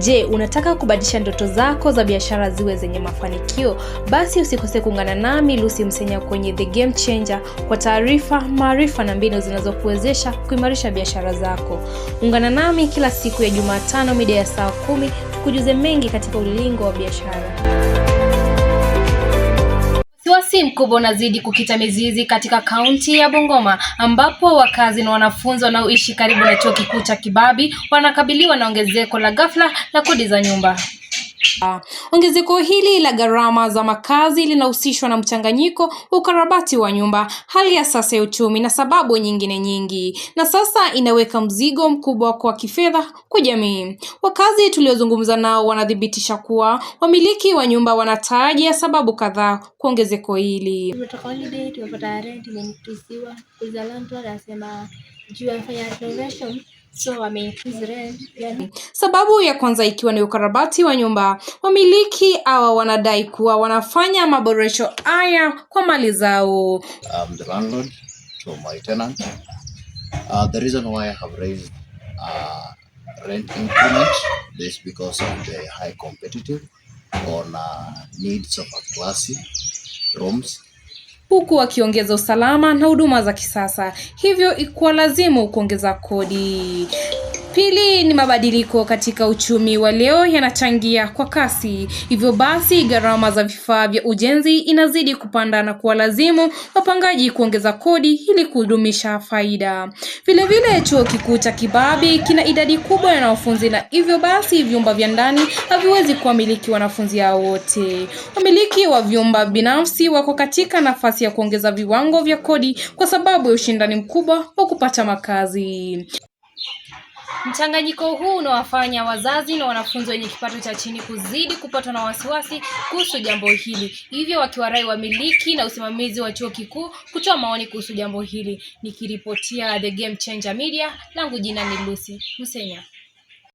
Je, unataka kubadilisha ndoto zako za biashara ziwe zenye mafanikio? Basi usikose kuungana nami Lucy Msenya kwenye The Game Changer kwa taarifa, maarifa na mbinu zinazokuwezesha kuimarisha biashara zako. Ungana nami kila siku ya Jumatano mida ya saa kumi tukujuze mengi katika ulingo wa biashara. Uwizi mkubwa unazidi kukita mizizi katika kaunti ya Bungoma ambapo wakazi na wanafunzi wanaoishi karibu na chuo kikuu cha Kibabii wanakabiliwa na ongezeko la ghafla la kodi za nyumba. Ah, ongezeko hili la gharama za makazi linahusishwa na mchanganyiko wa ukarabati wa nyumba, hali ya sasa ya uchumi na sababu nyingine nyingi, na sasa inaweka mzigo mkubwa kwa kifedha kwa jamii. Wakazi tuliozungumza nao wanathibitisha kuwa wamiliki wa nyumba wanataja sababu kadhaa kwa ongezeko hili. Tumetoka holiday, tumepata rent So, I mean, yeah. Sababu ya kwanza ikiwa ni ukarabati wa nyumba. Wamiliki hawa wanadai kuwa wanafanya maboresho haya kwa mali zao. Um, the landlord to my tenant. Uh, the reason why I have raised uh, rent increment is because of the high competitive on uh, needs of a classy rooms huku wakiongeza usalama na huduma za kisasa, hivyo ikuwa lazimu kuongeza kodi. Pili ni mabadiliko katika uchumi wa leo yanachangia kwa kasi, hivyo basi gharama za vifaa vya ujenzi inazidi kupanda na kuwalazimu wapangaji kuongeza kodi ili kudumisha faida. Vilevile, chuo kikuu cha kibabi kina idadi kubwa ya wanafunzi na hivyo basi vyumba vya ndani haviwezi kuwamiliki wanafunzi hao wote. Wamiliki wa vyumba binafsi wako katika nafasi ya kuongeza viwango vya kodi kwa sababu ya ushindani mkubwa wa kupata makazi. Mchanganyiko huu unawafanya wazazi na wanafunzi wenye kipato cha chini kuzidi kupatwa na wasiwasi kuhusu jambo hili, hivyo wakiwarai wamiliki na usimamizi wa chuo kikuu kutoa maoni kuhusu jambo hili. Nikiripotia The Game Changer Media, langu jina ni Lucy Msenya.